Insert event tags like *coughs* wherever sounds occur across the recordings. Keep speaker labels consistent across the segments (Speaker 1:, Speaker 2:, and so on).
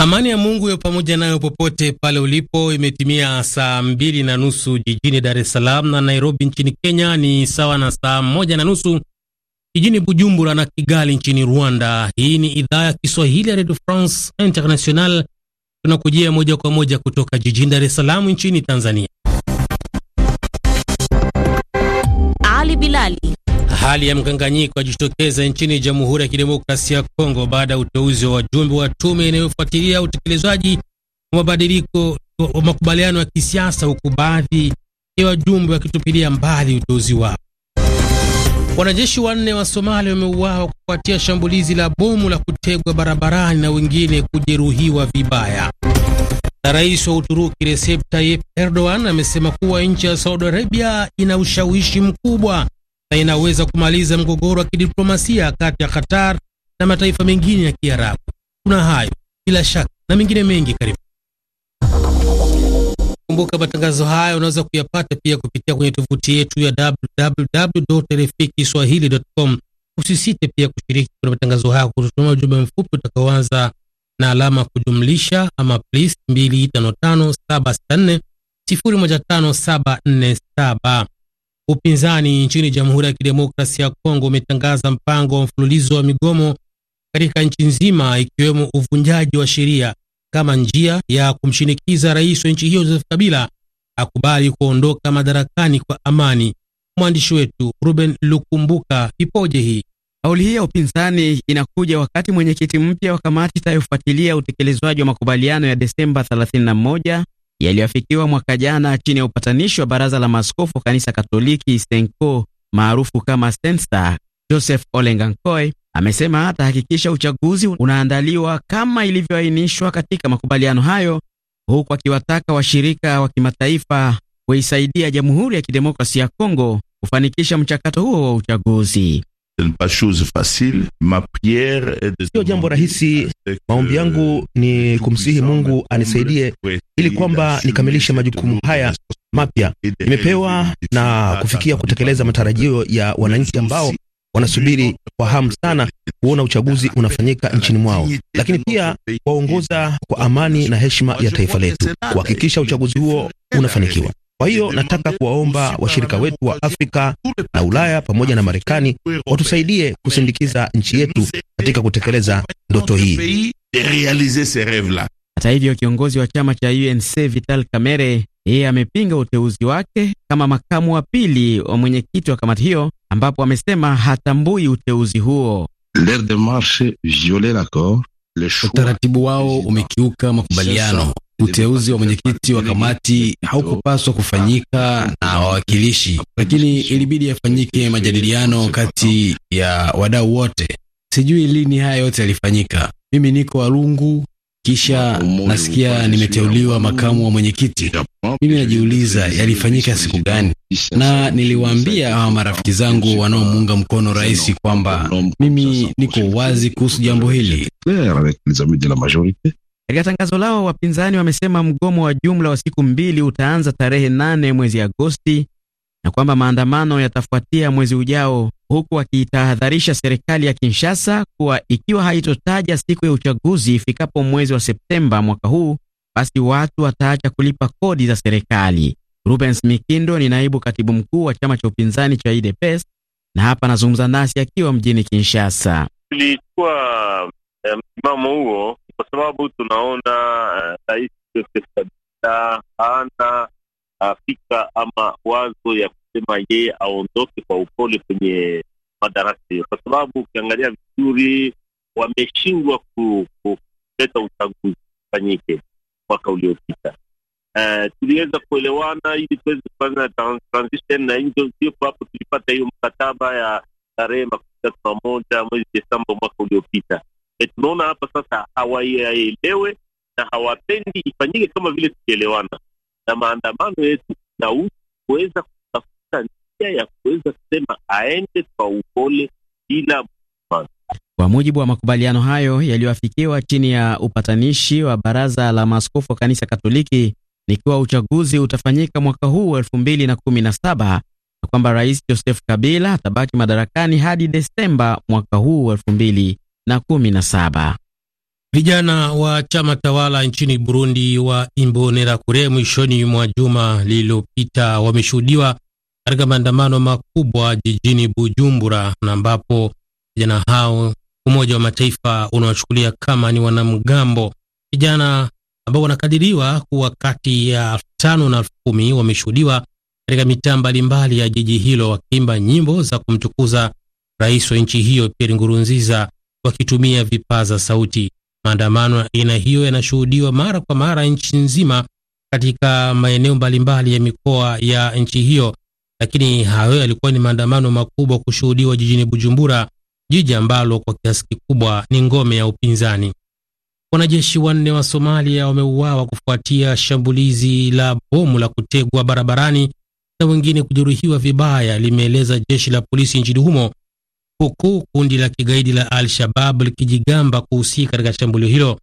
Speaker 1: Amani ya Mungu yo pamoja nayo popote pale ulipo. Imetimia saa mbili na nusu jijini Dar es Salaam na Nairobi nchini Kenya, ni sawa na saa moja na nusu jijini Bujumbura na Kigali nchini Rwanda. Hii ni idhaa ya Kiswahili ya Radio France International, tunakujia moja kwa moja kutoka jijini Dar es Salaam nchini Tanzania.
Speaker 2: Ali Bilali
Speaker 1: Hali ya mkanganyiko yajitokeza nchini Jamhuri ya Kidemokrasia ya Kongo baada ya uteuzi wa wajumbe wa tume inayofuatilia utekelezaji wa mabadiliko wa makubaliano ya kisiasa, huku baadhi ya wajumbe wakitupilia mbali uteuzi wao. Wanajeshi wanne wa Somalia wameuawa kufuatia shambulizi la bomu la kutegwa barabarani na wengine kujeruhiwa vibaya. Na rais wa Uturuki Recep Tayyip Erdogan amesema kuwa nchi ya Saudi Arabia ina ushawishi mkubwa na inaweza kumaliza mgogoro wa kidiplomasia kati ya Qatar na mataifa mengine ya Kiarabu. Kuna hayo bila shaka na mengine mengi, karibu kumbuka. Matangazo haya unaweza kuyapata pia kupitia kwenye tovuti yetu ya www.rfikiswahili.com. Usisite pia kushiriki kwenye matangazo haya kututumia ujumbe mfupi utakaoanza na alama kujumlisha ama plus 255764015747 Upinzani nchini Jamhuri ya Kidemokrasia ya Kongo umetangaza mpango wa mfululizo wa migomo katika nchi nzima, ikiwemo uvunjaji wa sheria kama njia ya kumshinikiza rais wa nchi hiyo Joseph Kabila akubali kuondoka madarakani kwa amani. Mwandishi wetu Ruben Lukumbuka, ipoje hii kauli hii ya upinzani
Speaker 3: inakuja wakati mwenyekiti mpya wa kamati itayofuatilia utekelezwaji wa makubaliano ya Desemba 31 yaliyoafikiwa mwaka jana chini ya upatanishi wa baraza la wa kanisa Katoliki Senko maarufu kama Sensa. Joseph Olengankoy amesema atahakikisha uchaguzi unaandaliwa kama ilivyoainishwa katika makubaliano hayo, huku akiwataka washirika wa kimataifa kuisaidia Jamhuri ya Kidemokrasia ya Kongo kufanikisha mchakato huo wa uchaguzi. Sio jambo rahisi. Maombi yangu
Speaker 4: ni kumsihi Mungu anisaidie ili kwamba nikamilishe majukumu haya mapya nimepewa na kufikia kutekeleza matarajio ya wananchi ambao wanasubiri kwa hamu sana kuona uchaguzi unafanyika nchini mwao, lakini pia kuwaongoza kwa amani na heshima ya taifa letu, kuhakikisha uchaguzi huo unafanikiwa. Kwa hiyo nataka kuwaomba washirika wetu wa Afrika na Ulaya pamoja na Marekani watusaidie kusindikiza nchi yetu
Speaker 3: katika kutekeleza ndoto hii. Hata hivyo, kiongozi wa chama cha UNC Vital Kamerhe yeye amepinga uteuzi wake kama makamu wa pili wa mwenyekiti wa kamati hiyo, ambapo amesema hatambui uteuzi huo.
Speaker 4: Utaratibu wao umekiuka makubaliano Uteuzi wa mwenyekiti wa kamati haukupaswa kufanyika na wawakilishi, lakini ilibidi yafanyike majadiliano kati ya wadau wote. Sijui lini haya yote yalifanyika. Mimi niko Walungu, kisha nasikia nimeteuliwa makamu wa mwenyekiti. Mimi najiuliza yalifanyika siku gani? Na
Speaker 3: niliwaambia hawa marafiki zangu wanaomuunga mkono rais kwamba mimi niko wazi kuhusu jambo hili. Katika tangazo lao, wapinzani wamesema mgomo wa jumla wa siku mbili utaanza tarehe nane mwezi Agosti na kwamba maandamano yatafuatia mwezi ujao, huku wakiitahadharisha serikali ya Kinshasa kuwa ikiwa haitotaja siku ya uchaguzi ifikapo mwezi wa Septemba mwaka huu, basi watu wataacha kulipa kodi za serikali. Rubens Mikindo ni naibu katibu mkuu wa chama cha upinzani cha UDPS na hapa anazungumza nasi akiwa mjini Kinshasa.
Speaker 5: Tulikuwa eh, msimamo um, huo kwa sababu tunaona eh, rais uh, Joseph Kabila hana uh, fikra ama wazo ya kusema yeye aondoke kwa upole kwenye madaraka hiyo, kwa sababu ukiangalia vizuri wameshindwa kuleta uchaguzi ufanyike mwaka
Speaker 2: uliopita.
Speaker 5: Uh, tuliweza kuelewana ili tuweze kufanya transition na ndio hapo tulipata hiyo mkataba ya tarehe makumi tatu na moja mwezi Desemba mwaka uliopita Eh, tunaona hapa sasa hawaielewe na hawapendi ifanyike kama vile tukielewana, na maandamano yetu na kuweza kutafuta njia ya kuweza kusema aende kwa upole bila
Speaker 3: kwa mujibu wa makubaliano hayo yaliyoafikiwa chini ya upatanishi wa baraza la maaskofu wa kanisa Katoliki, nikiwa uchaguzi utafanyika mwaka huu elfu mbili na kumi na saba na kwamba rais Joseph Kabila atabaki madarakani hadi Desemba mwaka huu elfu mbili na kumi na saba.
Speaker 1: Vijana wa chama tawala nchini Burundi wa Imbonerakure mwishoni mwa juma lililopita wameshuhudiwa katika maandamano makubwa jijini Bujumbura, na ambapo vijana hao Umoja wa Mataifa unawachukulia kama ni wanamgambo. Vijana ambao wanakadiriwa kuwa kati ya elfu tano na elfu kumi wameshuhudiwa katika mitaa mbalimbali ya jiji hilo wakiimba nyimbo za kumtukuza rais wa nchi hiyo Pierre Nkurunziza wakitumia vipaza sauti. Maandamano ya aina hiyo yanashuhudiwa mara kwa mara nchi nzima katika maeneo mbalimbali ya mikoa ya nchi hiyo, lakini hayo yalikuwa ni maandamano makubwa kushuhudiwa jijini Bujumbura, jiji ambalo kwa kiasi kikubwa ni ngome ya upinzani. Wanajeshi wanne wa Somalia wameuawa kufuatia shambulizi la bomu la kutegwa barabarani na wengine kujeruhiwa vibaya, limeeleza jeshi la polisi nchini humo huku kundi la kigaidi la Al-Shabab likijigamba kuhusika katika shambulio hilo.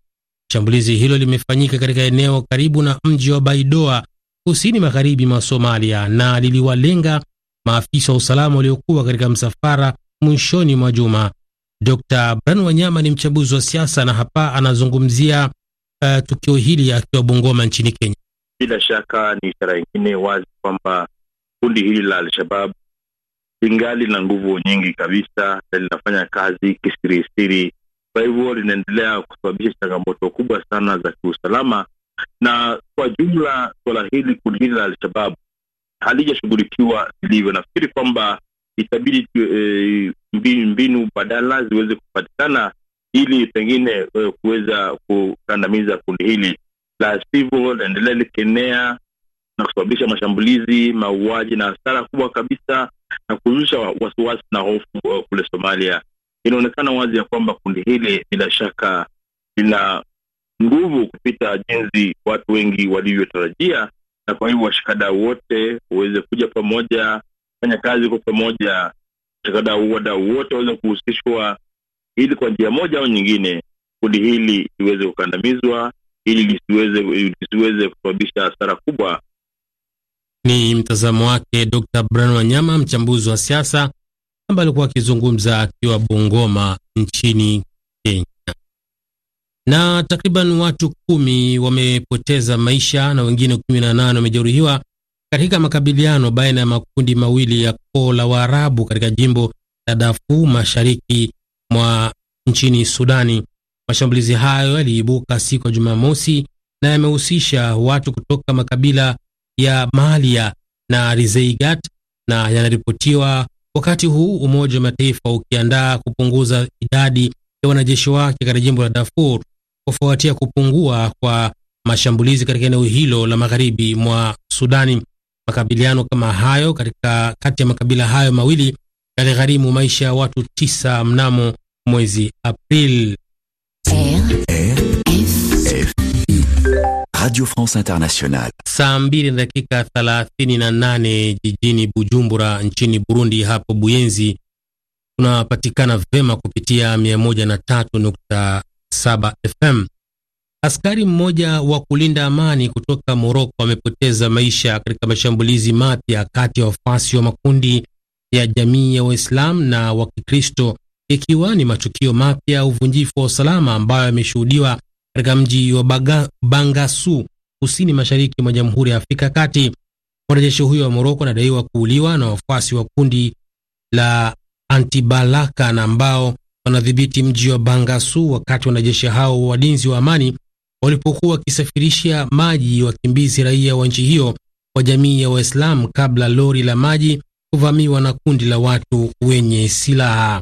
Speaker 1: Shambulizi hilo limefanyika katika eneo karibu na mji wa Baidoa kusini magharibi mwa Somalia na liliwalenga maafisa wa usalama waliokuwa katika msafara mwishoni mwa juma. Dr. Brian Wanyama ni mchambuzi wa siasa na hapa anazungumzia uh, tukio hili akiwa Bungoma nchini Kenya.
Speaker 5: Bila shaka ni ishara nyingine wazi kwamba kundi hili la Al-Shabab lingali na nguvu nyingi kabisa na linafanya kazi kisirisiri. Kwa hivyo linaendelea kusababisha changamoto kubwa sana za kiusalama, na kwa jumla suala hili, kundi hili la Alshabab halijashughulikiwa vilivyo. Nafikiri kwamba itabidi e, mbinu badala ziweze kupatikana ili pengine e, kuweza kukandamiza kundi hili, la sivyo linaendelea likienea na kusababisha mashambulizi, mauaji na hasara kubwa kabisa na kuzusha wasiwasi na hofu uh, kule Somalia. Inaonekana wazi ya kwamba kundi hili bila shaka lina nguvu kupita jinsi watu wengi walivyotarajia, na kwa hivyo washikadau wote waweze kuja pamoja, fanya kazi kwa pamoja, washikadau wadau wote waweze kuhusishwa, ili kwa njia moja au nyingine kundi hili liweze kukandamizwa, ili lisiweze lisiweze kusababisha hasara kubwa
Speaker 1: ni mtazamo wake Dr. Brian Wanyama, mchambuzi wa siasa ambaye alikuwa akizungumza akiwa Bungoma nchini Kenya. Na takriban watu kumi wamepoteza maisha na wengine kumi na nane wamejeruhiwa katika makabiliano baina ya makundi mawili ya koo la Waarabu katika jimbo la dafu mashariki mwa nchini Sudani. Mashambulizi hayo yaliibuka siku ya Jumamosi na yamehusisha watu kutoka makabila ya malia na Rizeigat na yanaripotiwa wakati huu Umoja wa Mataifa ukiandaa kupunguza idadi ya wanajeshi wake katika jimbo la Darfur kufuatia kupungua kwa mashambulizi katika eneo hilo la magharibi mwa Sudani. Makabiliano kama hayo katika kati ya makabila hayo mawili yaligharimu maisha ya watu tisa mnamo mwezi Aprili. Radio
Speaker 6: France Internationale.
Speaker 1: Saa mbili na dakika 38 jijini Bujumbura nchini Burundi, hapo Buyenzi tunapatikana vema kupitia 103.7 FM. Askari mmoja wa kulinda amani kutoka Moroko amepoteza maisha katika mashambulizi mapya kati ya wafuasi wa makundi ya jamii ya Waislamu na wa Kikristo, ikiwa ni matukio mapya uvunjifu wa usalama ambayo yameshuhudiwa katika mji wa Baga, Bangasu kusini mashariki mwa Jamhuri ya Afrika Kati. Mwanajeshi huyo wa Moroko anadaiwa kuuliwa na wafuasi wa kundi la Antibalaka na ambao wanadhibiti mji wa Bangasu, wakati wanajeshi hao walinzi wa amani walipokuwa wakisafirishia maji wakimbizi raia wa nchi hiyo kwa jamii ya Waislamu kabla lori la maji kuvamiwa na kundi la watu wenye silaha.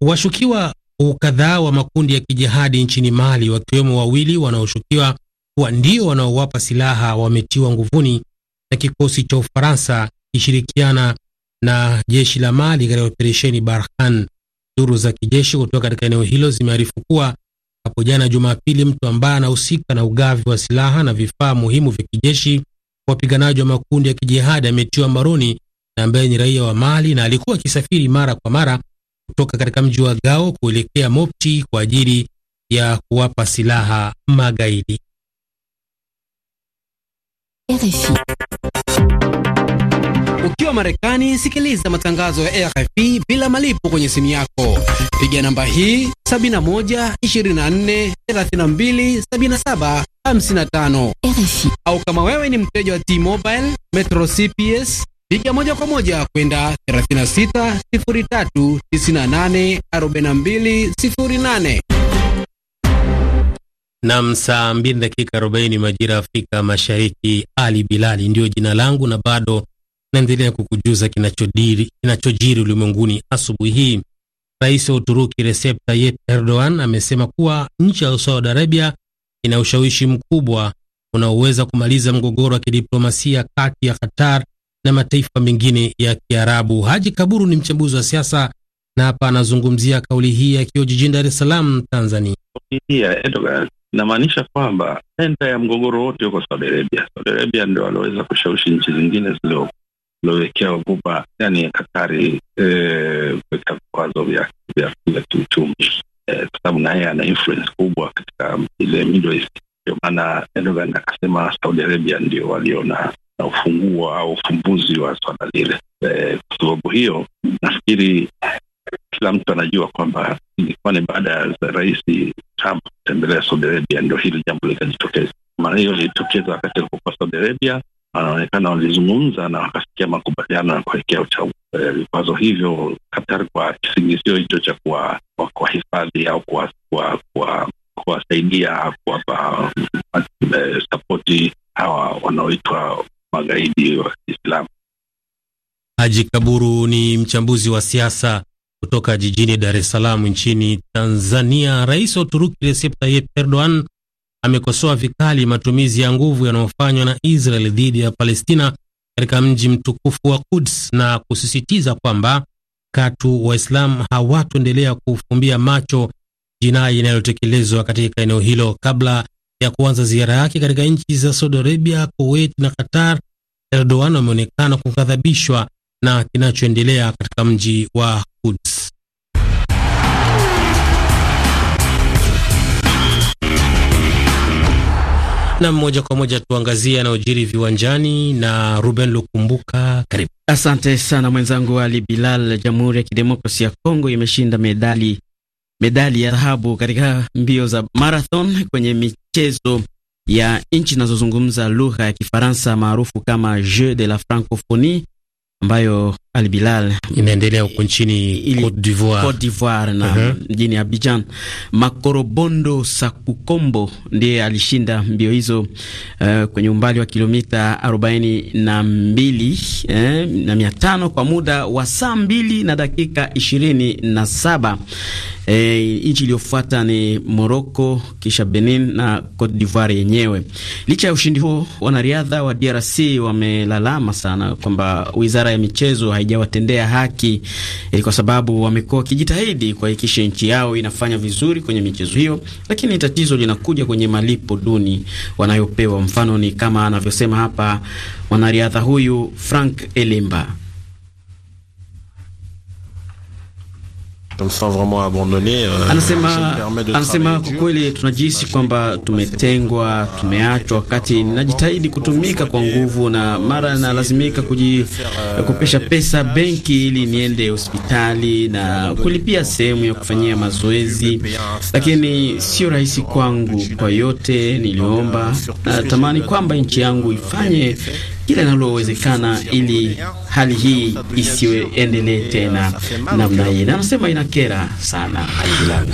Speaker 1: Washukiwa kadhaa wa makundi ya kijihadi nchini Mali, wakiwemo wawili wanaoshukiwa kuwa ndio wanaowapa silaha wametiwa nguvuni na kikosi cha Ufaransa kishirikiana na jeshi la Mali katika operesheni Barkhane. Duru za kijeshi kutoka katika eneo hilo zimearifu kuwa hapo jana Jumapili, mtu ambaye anahusika na ugavi wa silaha na vifaa muhimu vya kijeshi wapiganaji wa makundi ya kijihadi ametiwa mbaroni na ambaye ni raia wa Mali na alikuwa akisafiri mara kwa mara kutoka katika mji wa Gao kuelekea Mopti kwa ajili ya kuwapa silaha magaidi.
Speaker 2: RFI.
Speaker 3: Ukiwa Marekani, sikiliza matangazo ya RFI bila malipo kwenye simu yako. Piga namba hii 71 24 32 77 55. RFI. Au kama wewe ni mteja wa T-Mobile, Metro CPS Piga moja kwa moja kwenda 3603984208.
Speaker 1: Nam, saa 2 dakika 40 majira ya Afrika Mashariki. Ali Bilali ndiyo jina langu na bado naendelea kukujuza kinachojiri kinachojiri ulimwenguni. Asubuhi hii Rais wa Uturuki Recep Tayyip Erdogan amesema kuwa nchi ya Saudi Arabia ina ushawishi mkubwa unaoweza kumaliza mgogoro wa kidiplomasia kati ya Qatar na mataifa mengine ya Kiarabu. Haji Kaburu ni mchambuzi wa siasa na hapa anazungumzia kauli hii akiwa jijini Dar es Salaam, Tanzania.
Speaker 5: Erdogan inamaanisha kwamba enda ya mgogoro wote uko Saudi Arabia. Saudi Arabia ndio walioweza kushawishi nchi zingine ziliowekea uguba, yani Katari eh, kuweka eh, vikwazo vya kiuchumi eh, kwa sababu naye ana influence kubwa katika ile Middle East. Ndio maana Erdogan akasema Saudi Arabia ndio waliona na ufunguo au ufumbuzi wa swala lile. E, kwa sababu hiyo nafikiri kila mtu anajua kwamba ilikuwa ni baada ya Rais Trump kutembelea Saudi Arabia ndio hili jambo likajitokeza. Maana hiyo lilijitokeza wakati alipokuwa Saudi Arabia, wanaonekana walizungumza na wakafikia makubaliano ya kuwekea e, vikwazo e, hivyo Katar kwa kisingizio hicho cha kuwahifadhi au kuwasaidia kuwapa mm, mm, mm, e, sapoti hawa wanaoitwa magaidi wa Kiislamu.
Speaker 1: Haji Kaburu ni mchambuzi wa siasa kutoka jijini Dar es Salaam nchini Tanzania. Rais wa Uturuki Recep Tayyip Erdogan amekosoa vikali matumizi ya nguvu yanayofanywa na Israel dhidi ya Palestina katika mji mtukufu wa Quds na kusisitiza kwamba katu islam hawatoendelea kufumbia macho jinai inayotekelezwa katika eneo hilo. Kabla ya kuanza ziara yake katika nchi za Saudi Arabia, Kuwait na Qatar, Erdogan ameonekana kughadhabishwa na kinachoendelea katika mji wa Quds. Na moja kwa moja tuangazie yanayojiri viwanjani na Ruben Lukumbuka, karibu.
Speaker 3: Asante sana mwenzangu Ali Bilal. Jamhuri ya Kidemokrasia ya Kongo imeshinda medali medali ya dhahabu katika mbio za marathon kwenye michezo ya nchi zinazozungumza lugha ya Kifaransa maarufu kama Jeux de la Francophonie ambayo Al Bilal inaendelea huko nchini Cote d'Ivoire, Cote d'Ivoire na uh-huh. mjini uh -huh. Abidjan. Makorobondo Sakukombo ndiye alishinda mbio hizo uh, kwenye umbali wa kilomita 42 na mbili eh, na mia kwa muda wa saa mbili na dakika 27 na saba. E, nchi iliyofuata ni Morocco kisha Benin na Cote d'Ivoire yenyewe. Licha ya ushindi huo, wanariadha wa DRC wamelalama sana kwamba wizara ya michezo haijawatendea haki eh, kwa sababu wamekuwa wakijitahidi kuhakikisha nchi yao inafanya vizuri kwenye michezo hiyo, lakini tatizo linakuja kwenye malipo duni wanayopewa. Mfano ni kama anavyosema hapa mwanariadha huyu Frank Elimba. Euh, anasema, anasema kwa kweli tunajihisi kwamba tumetengwa, tumeachwa, wakati ninajitahidi kutumika kwa nguvu, na mara nalazimika kujikopesha pesa benki ili niende hospitali na kulipia sehemu ya kufanyia mazoezi, lakini sio rahisi kwangu. Kwa yote niliomba, natamani kwamba nchi yangu ifanye kile linalowezekana ili hali hii isiendelee tena namna hii, na anasema inakera sana.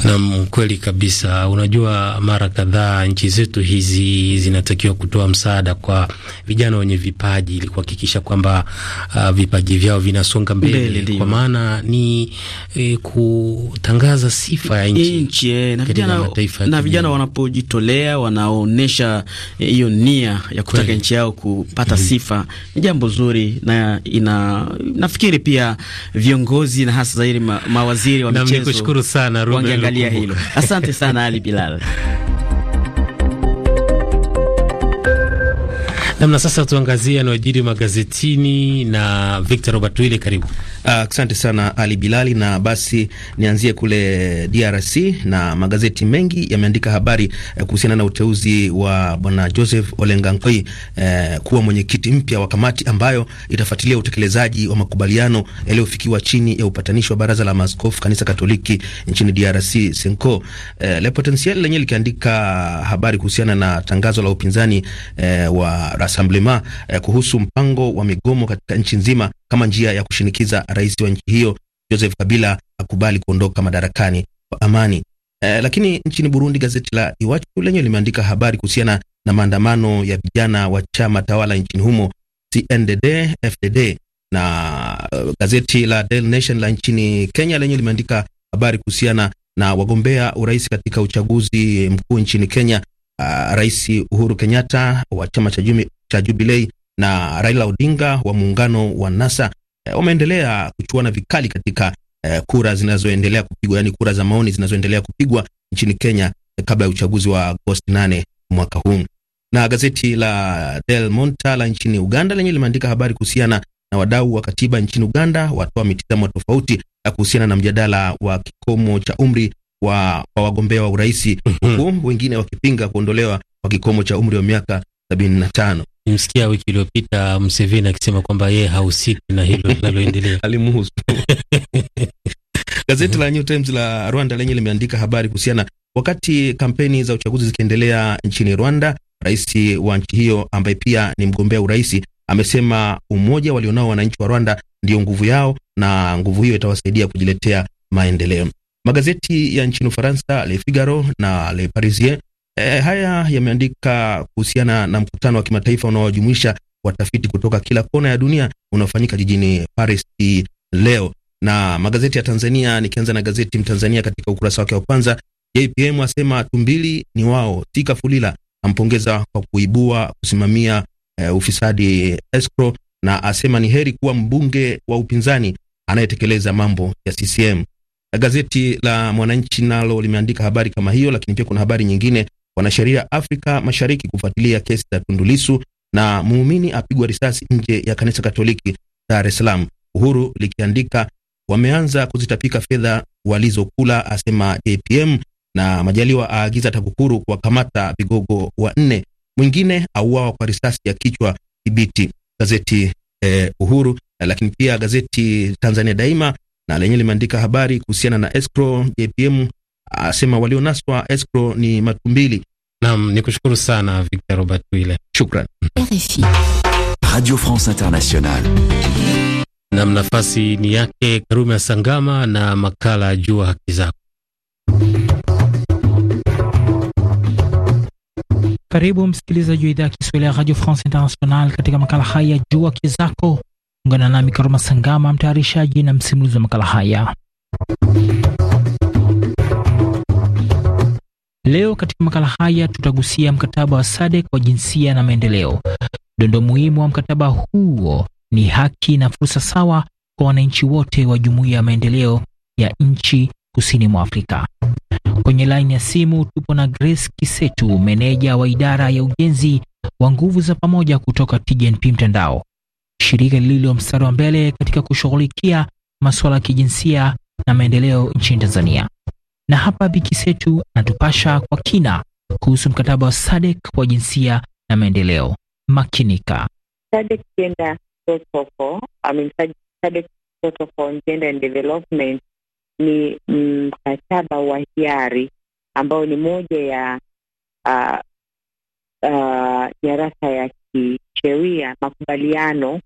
Speaker 1: Naam, kweli kabisa. Unajua, mara kadhaa nchi zetu hizi zinatakiwa kutoa msaada kwa vijana wenye vipaji ili kuhakikisha kwamba uh, vipaji vyao vinasonga mbele, kwa maana ni e, kutangaza sifa ya nchi nchi e, na vijana, na vijana
Speaker 3: wanapojitolea wanaonesha eh, hiyo e, nia ya kutaka nchi yao kupata mm -hmm. sifa ni jambo zuri na ina na nafikiri pia viongozi na hasa zaidi ma, mawaziri wa michezo
Speaker 1: wangeangalia hilo. Asante sana Ali Bilal. *laughs* Namna sasa tuangazie yanayojiri magazetini na Victor Robert Wile, karibu. Ah, asante uh, sana Ali Bilali, na basi nianzie kule
Speaker 4: DRC na magazeti mengi yameandika habari eh, kuhusiana na uteuzi wa bwana Joseph Olengankoi eh, kuwa mwenyekiti mpya wa kamati ambayo itafuatilia utekelezaji wa makubaliano yaliyofikiwa chini ya upatanishi wa baraza la maskofu kanisa Katoliki nchini DRC Senko. Eh, Le Potentiel lenyewe likiandika habari kuhusiana na tangazo la upinzani eh, wa Rassemblement eh, kuhusu mpango wa migomo katika nchi nzima kama njia ya kushinikiza rais wa nchi hiyo Joseph Kabila akubali kuondoka madarakani kwa amani. Eh, lakini nchini Burundi gazeti la Iwachu lenye limeandika habari kuhusiana na maandamano ya vijana wa chama tawala nchini humo CNDD FDD, na uh, gazeti la Daily Nation la nchini Kenya lenye limeandika habari kuhusiana na wagombea urais katika uchaguzi mkuu nchini Kenya. Uh, Rais Uhuru Kenyatta wa chama cha cha Jubilei na Raila Odinga wa muungano wa NASA eh, wameendelea kuchuana vikali katika eh, kura zinazoendelea kupigwa, yani kura za maoni zinazoendelea kupigwa nchini Kenya eh, kabla ya uchaguzi wa Agosti 8 mwaka huu. Na gazeti la Del Monta la nchini Uganda lenye limeandika habari kuhusiana na wadau wa katiba nchini Uganda watoa mitazamo tofauti kuhusiana na mjadala wa kikomo cha umri wa wagombea wa, urais *coughs* huku wengine wakipinga kuondolewa kwa kikomo cha umri
Speaker 1: wa miaka 75. Nimsikia wiki iliyopita Mseveni akisema kwamba yeye hahusiki na hilo linaloendelea *laughs* alimhusu. *laughs*
Speaker 4: Gazeti la New Times la Rwanda lenye limeandika habari kuhusiana wakati kampeni za uchaguzi zikiendelea nchini Rwanda. Rais wa nchi hiyo ambaye pia ni mgombea urais amesema umoja walionao wananchi wa Rwanda ndiyo nguvu yao na nguvu hiyo itawasaidia kujiletea maendeleo. Magazeti ya nchini Ufaransa, Le Figaro na Le Parisien E, haya yameandika kuhusiana na mkutano wa kimataifa unaojumuisha watafiti kutoka kila kona ya dunia unaofanyika jijini Paris leo. Na magazeti ya Tanzania, nikianza na gazeti Mtanzania katika ukurasa wake wa kwanza, JPM asema tumbili ni wao, si Kafulila ampongeza kwa kuibua kusimamia e, ufisadi escrow, na asema ni heri kuwa mbunge wa upinzani anayetekeleza mambo ya CCM. Gazeti la Mwananchi nalo limeandika habari kama hiyo, lakini pia kuna habari nyingine wanasheria Afrika Mashariki kufuatilia kesi za Tundulisu na muumini apigwa risasi nje ya kanisa Katoliki Dar es Salaam. Uhuru likiandika wameanza kuzitapika fedha walizokula, asema JPM, na Majaliwa aagiza TAKUKURU kuwakamata vigogo wanne, mwingine auawa kwa risasi ya kichwa Kibiti. Gazeti eh, Uhuru. Lakini pia gazeti Tanzania Daima na lenye limeandika habari kuhusiana na escrow, JPM asema walionaswa escrow ni matumbili. Naam, kushukuru sana Victor
Speaker 1: Robert Wile. Shukran. RFI. Radio France Internationale. Nam, nafasi ni yake Karume Sangama na makala Jua Haki Zako.
Speaker 7: Karibu msikilizaji wa idhaa ya Kiswahili ya Radio France International katika makala haya Jua Haki Zako. Ungana nami Karume Sangama, mtayarishaji na msimulizi wa makala haya. Leo katika makala haya tutagusia mkataba wa SADC wa jinsia na maendeleo. Dondo muhimu wa mkataba huo ni haki na fursa sawa kwa wananchi wote wa Jumuiya ya Maendeleo ya Nchi Kusini mwa Afrika. Kwenye laini ya simu tupo na Grace Kisetu, meneja wa idara ya ujenzi wa nguvu za pamoja kutoka TGNP Mtandao, shirika lililo mstari wa mbele katika kushughulikia masuala ya kijinsia na maendeleo nchini Tanzania. Na hapa Bikisetu anatupasha kwa kina kuhusu mkataba wa SADC wa jinsia na maendeleo. Makinika.
Speaker 2: SADC Gender Protocol, I mean, SADC Protocol on Gender and Development ni mkataba wa hiari ambao ni moja ya uh, uh, nyaraka ya kisheria makubaliano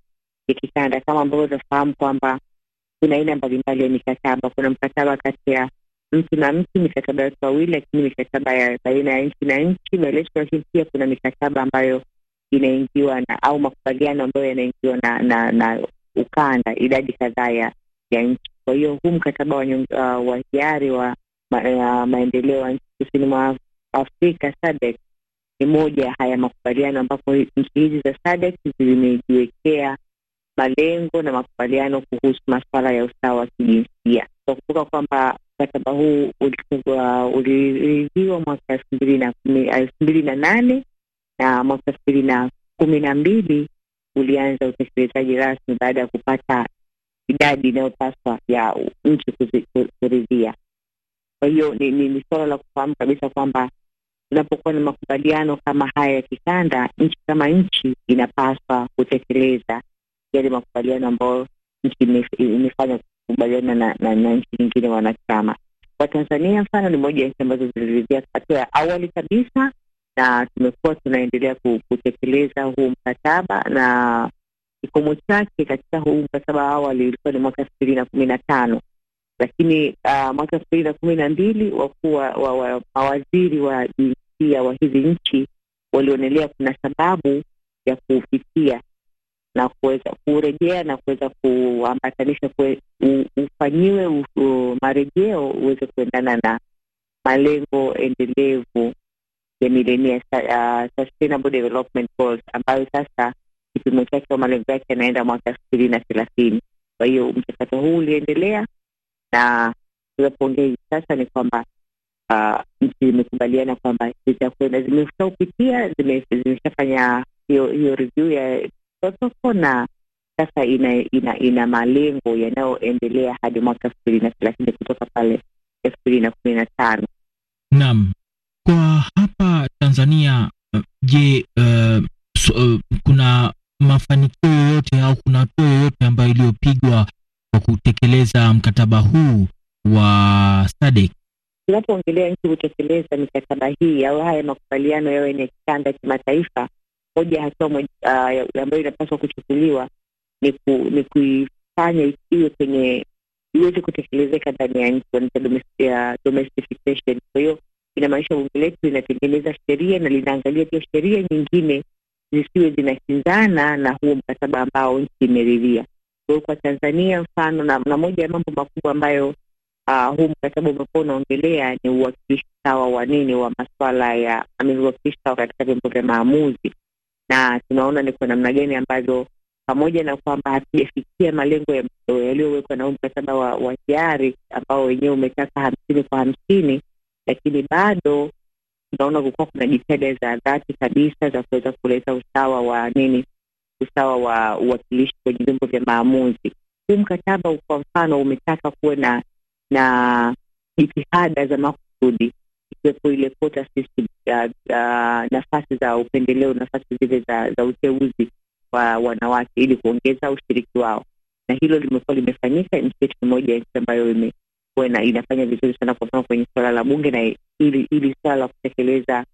Speaker 2: ya kikanda, kama ambavyo tunafahamu kwamba kuna aina mbalimbali ya mikataba. Kuna mkataba kati ya mtu na mtu, mikataba ya wawili, lakini mikataba ya baina ya nchi na nchi. Violation lakini pia kuna mikataba ambayo inaingiwa na au makubaliano ambayo yanaingiwa na, na na ukanda idadi kadhaa ya ya nchi. Kwa hiyo huu mkataba wa uh, wa hiari wa ma, uh, maendeleo ya nchi kusini mwa Afrika SADC ni moja ya haya makubaliano ambapo nchi hizi za SADC zimejiwekea malengo na makubaliano kuhusu masuala ya usawa wa kijinsia. Kwa kukumbuka kwamba mkataba huu uliridhiwa mwaka elfu mbili na elfu mbili na nane na mwaka elfu mbili na kumi na mbili ulianza utekelezaji rasmi baada ya kupata idadi inayopaswa ya nchi kuridhia. Kwa hiyo ni, ni, ni suala la kufahamu kabisa kwamba tunapokuwa na makubaliano kama haya ya kikanda, nchi kama nchi inapaswa kutekeleza yale makubaliano ambayo nchi imefanya kukubaliana na, na, na nchi nyingine wanachama. Kwa Tanzania mfano ni moja ya nchi ambazo ziliridhia hatua ya awali kabisa, na tumekuwa tunaendelea kutekeleza huu mkataba, na kikomo chake katika huu mkataba wa awali ulikuwa ni mwaka elfu mbili na kumi na tano lakini uh, mwaka elfu mbili na kumi na mbili wakuu wa mawaziri wa jinsia wa hizi nchi walionelea kuna sababu ya kupitia na kuweza kurejea na kuweza kuambatanisha kwe, ufanyiwe marejeo uweze kuendana na malengo endelevu ya milenia uh, Sustainable Development Goals ambayo sasa kipimo chake wa malengo yake yanaenda mwaka elfu mbili na thelathini. Kwa hiyo mchakato huu uliendelea na kuongea hivi sasa ni kwamba uh, nchi zimekubaliana kwamba zitakwenda zimeshaupitia zimeshafanya hiyo hiyo review ya kwa na sasa ina ina, ina malengo yanayoendelea hadi mwaka elfu mbili na thelathini kutoka pale elfu mbili na kumi na tano.
Speaker 7: Naam, kwa hapa Tanzania je, uh, so, uh, kuna mafanikio yoyote au kuna hatua yoyote ambayo iliyopigwa kwa kutekeleza mkataba huu wa SADC?
Speaker 2: Tunapoongelea nchi kutekeleza mikataba hii au haya makubaliano yawe ni ya kimataifa moja hatua uh, ah, ambayo inapaswa kuchukuliwa ni, ku, ni kuifanya iwe kwenye iweze kutekelezeka ndani ya nchi wanaita domestification. Kwa hiyo inamaanisha bunge letu linatengeneza sheria na linaangalia pia sheria nyingine zisiwe zinakinzana na huo mkataba ambao nchi imeridhia. Kwa hiyo kwa Tanzania mfano na, na moja ya mambo makubwa ambayo uh, huu mkataba umekuwa unaongelea ni uwakilishi sawa wa nini wa maswala ya uwakilishi sawa katika vyombo vya maamuzi na tunaona ni kwa namna gani ambavyo pamoja na kwamba hatujafikia malengo yaliyowekwa na mkataba wa, wa hiari ambao wenyewe umetaka hamsini kwa hamsini, lakini bado tunaona kukuwa kuna jitihada za dhati kabisa za kuweza kuleta usawa wa nini, usawa wa uwakilishi kwenye vyombo vya maamuzi. Huu mkataba kwa mfano umetaka kuwe na na jitihada za makusudi, ikiwepo ile quota system ya, ya nafasi za upendeleo, nafasi zile za, za uteuzi wa wanawake ili kuongeza ushiriki wao, na hilo limekuwa limefanyika. Ni moja ya nchi ambayo imekuwa inafanya vizuri sana, kwa mfano kwenye suala la bunge na ili, ili suala la kutekeleza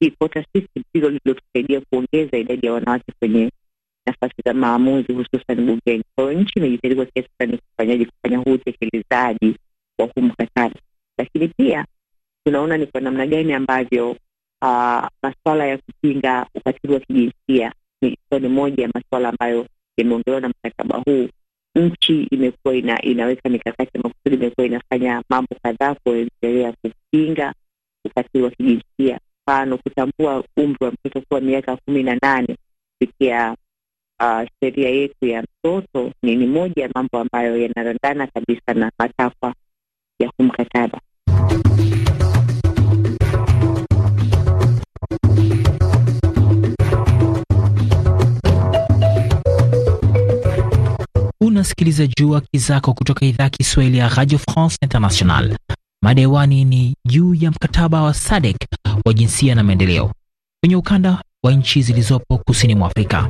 Speaker 2: hii system, hilo lilotusaidia kuongeza idadi ya wanawake kwenye nafasi za maamuzi hususan bungeni. Kwa hiyo nchi imejitahidi kwa kiasi fulani kufanyaji kufanya huu utekelezaji wa huu mkataba, lakini pia tunaona ni kwa namna gani ambavyo uh, ah, masuala ya kupinga ukatili wa kijinsia ikiwa ni moja ya masuala ambayo yameongelewa na mkataba huu. Nchi imekuwa ina, inaweka mikakati ya makusudi, imekuwa inafanya mambo kadhaa kuendelea kupinga ukatili wa kijinsia mfano, kutambua umri wa mtoto kuwa miaka kumi na nane kupitia uh, sheria yetu ya mtoto ni, ni moja ya mambo ambayo yanarandana kabisa na matakwa ya huu mkataba.
Speaker 7: Unasikiliza Juu Haki Zako kutoka idhaa Kiswahili ya Radio France International. Madewani ni juu ya mkataba wa SADC wa jinsia na maendeleo kwenye ukanda wa nchi zilizopo kusini mwa Afrika.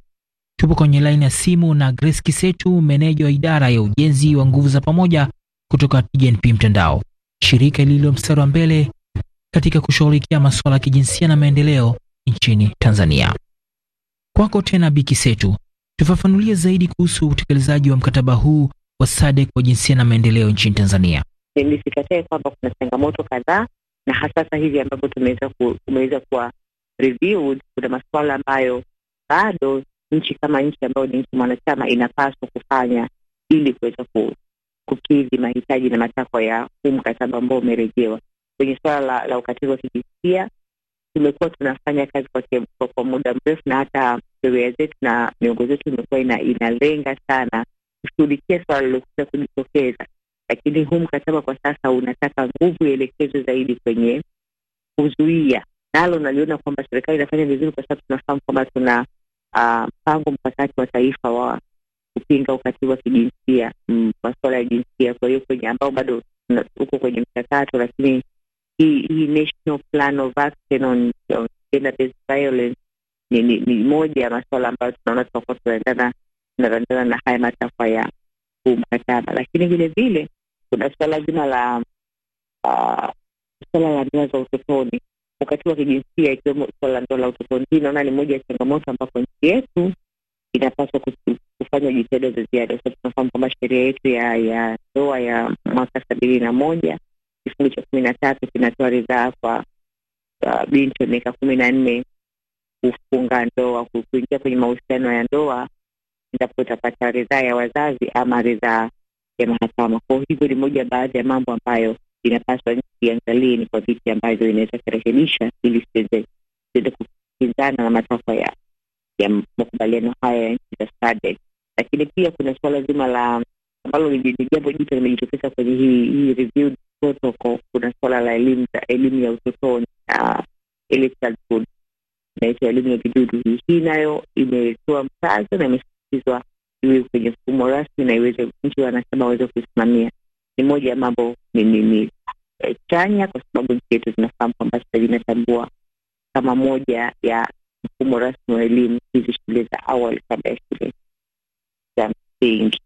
Speaker 7: Tupo kwenye laini ya simu na Grace Kisetu, meneja wa idara ya ujenzi wa nguvu za pamoja kutoka TGNP Mtandao, shirika lililo mstari wa mbele katika kushughulikia masuala ya kijinsia na maendeleo nchini Tanzania. Kwako tena bikisetu Tufafanulie zaidi kuhusu utekelezaji wa mkataba huu wa SADC wa jinsia na maendeleo nchini Tanzania.
Speaker 2: Nisikatae kwamba kuna changamoto kadhaa, na hasasa hivi ambapo tumeweza ku, tumeweza kuwa reviewed, kuna masuala ambayo bado nchi kama nchi ambayo ni nchi mwanachama inapaswa kufanya ili kuweza ku, kukidhi mahitaji na matakwa ya huu mkataba ambao umerejewa. Kwenye suala la, la ukatili wa kijinsia tumekuwa tunafanya kazi kwa, kwa muda mrefu na hata sheria zetu na miongo zetu imekuwa ina, inalenga sana kushughulikia swala lilokuja kujitokeza, lakini huu mkataba kwa sasa unataka nguvu ielekezwe zaidi kwenye kuzuia. Nalo naliona kwamba serikali inafanya vizuri, kwa sababu tunafahamu kwamba tuna ah, mpango uh, mkakati wa taifa wa kupinga ukatili wa kijinsia mm, kwa ya jinsia. Kwa hiyo kwenye ambao bado uko kwenye mchakato, lakini hii hii national plan of action on gender based violence ni, ni, ni moja ya masuala ambayo tunaona tunakuwa tunaendana tunaendana na haya matakwa ya huu mkataba, lakini vile kuna suala zima la uh, ah, suala la ndoa za utotoni, ukatili wa kijinsia, ikiwemo suala la ndoa la utotoni. Hii naona ni moja ya changamoto ambapo nchi yetu inapaswa kufanya jitihada za ziada. Sasa tunafahamu kwamba sheria yetu ya ya ndoa ya mwaka sabini na moja kifungu cha kumi na tatu kinatoa ridhaa kwa uh, binti wa miaka kumi na nne kufunga ndoa, kuingia kwenye mahusiano ya ndoa endapo utapata ridhaa ya wazazi ama ridhaa ya mahakama. Kwa hivyo ni moja baadhi ya mambo ambayo inapaswa nchi iangalie ni kwa vipi ambavyo inaweza kurekebisha ili siweze kukinzana na matakwa ya ya makubaliano haya ya nchi za SADC. Lakini pia kuna suala zima la ambalo ni jambo jipya limejitokeza kwenye hii hii review protocol. Kuna suala la elimu ya utotoni, na early childhood inaitwa elimu ya vidudu. Hii nayo imetoa mkazo na imesisitizwa iwe kwenye mfumo rasmi na iweze nchi wanasema waweze kuisimamia. Ni moja ya mambo ni, ni, ni e, chanya, kwa sababu nchi yetu zinafahamu kwamba sasa inatambua kama moja ya mfumo rasmi wa elimu hizi shule za awali kabla ya shule za msingi.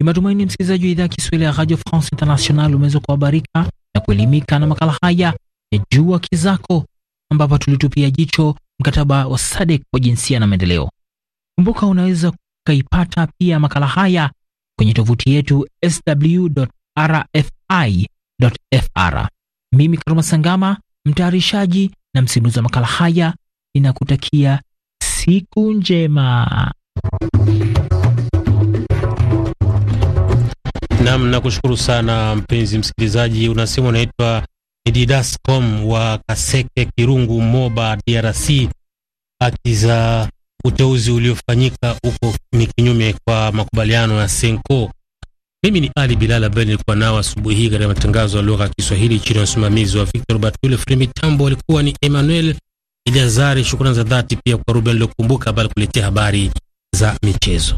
Speaker 7: Matumaini msikilizaji wa idhaa ya Kiswahili ya Radio France International umeweza kuhabarika na kuelimika na makala haya ya juu haki zako, ambapo tulitupia jicho mkataba wa SADC wa jinsia na maendeleo. Kumbuka unaweza kaipata pia makala haya kwenye tovuti yetu sw.rfi.fr. Mimi Karuma Sangama, mtayarishaji na msimulizi wa makala haya, ninakutakia siku njema.
Speaker 1: Nam, nakushukuru sana mpenzi msikilizaji. Unasema unaitwa Didascom wa Kaseke Kirungu, Moba, DRC, haki za uteuzi uliofanyika huko ni kinyume kwa makubaliano ya Senko. Mimi ni Ali Bilal ambaye nilikuwa nao asubuhi hii katika matangazo ya lugha ya Kiswahili chini ya usimamizi wa Victor Batule. Fundi mitambo alikuwa ni Emmanuel Eliazari. Shukrani za dhati pia kwa Ruben Lokumbuka ambaye alikuletea habari za michezo.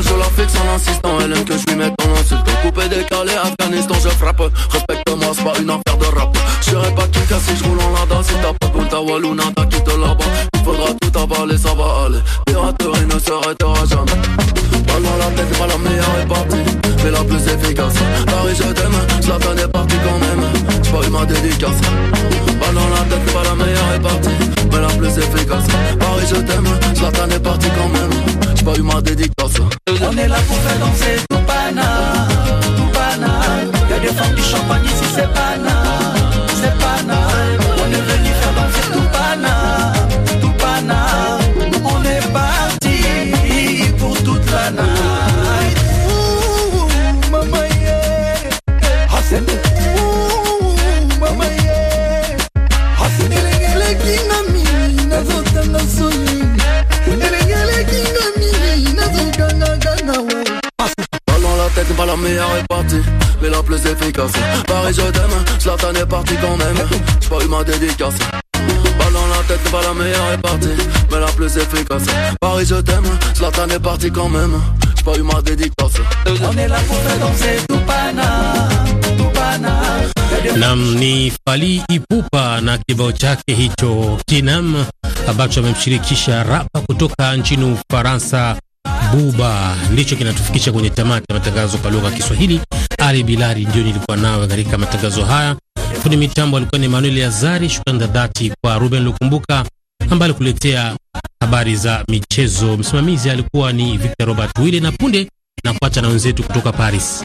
Speaker 6: je la fixe en insistant. Elle aime que je lui mette en insulte. Coupé, décalé, Afghanistan, je frappe. Respecte-moi, c'est pas une affaire de rap. Je serai pas Kika si je roule en lada. Si t'as pas Gunta Waluna, t'as quitté là-bas. Il faudra tout avaler, ça va aller. Piraterie ne s'arrêtera jamais. Balle dans la tête, pas la meilleure est partie. Mais la plus efficace. Paris, je t'aime. Zlatan est parti quand même. pas eu ma dédicace. Balle dans la tête, pas la meilleure est partie. Mais la plus efficace. Paris, je t'aime. Zlatan est parti quand même pas eu ma dédicace. On est là pour faire danser tout Tout Tupana. Y'a des femmes du champagne ici, c'est banal. Paris je t'aime, Slatan est parti quand même J'ai pas eu ma dédicace Balle dans la tête, pas la meilleure est partie Mais la plus efficace Paris je t'aime, Slatan est parti quand même J'ai pas eu ma dédicace On est là pour faire danser Tupana, Tupana
Speaker 1: Nam ni fali Ipupa na kibao chake hicho Kinam ambacho amemshirikisha rapa kutoka nchini Ufaransa Buba ndicho kinatufikisha kwenye tamati ya matangazo kwa lugha ya Kiswahili Ali Bilari. Ndio nilikuwa nawe katika matangazo haya. Fundi mitambo alikuwa ni Emanuel Azari. Shukrani za dhati kwa Ruben Lukumbuka ambaye alikuletea habari za michezo. Msimamizi alikuwa ni Victor Robert Wille, na punde na kuacha na wenzetu kutoka Paris.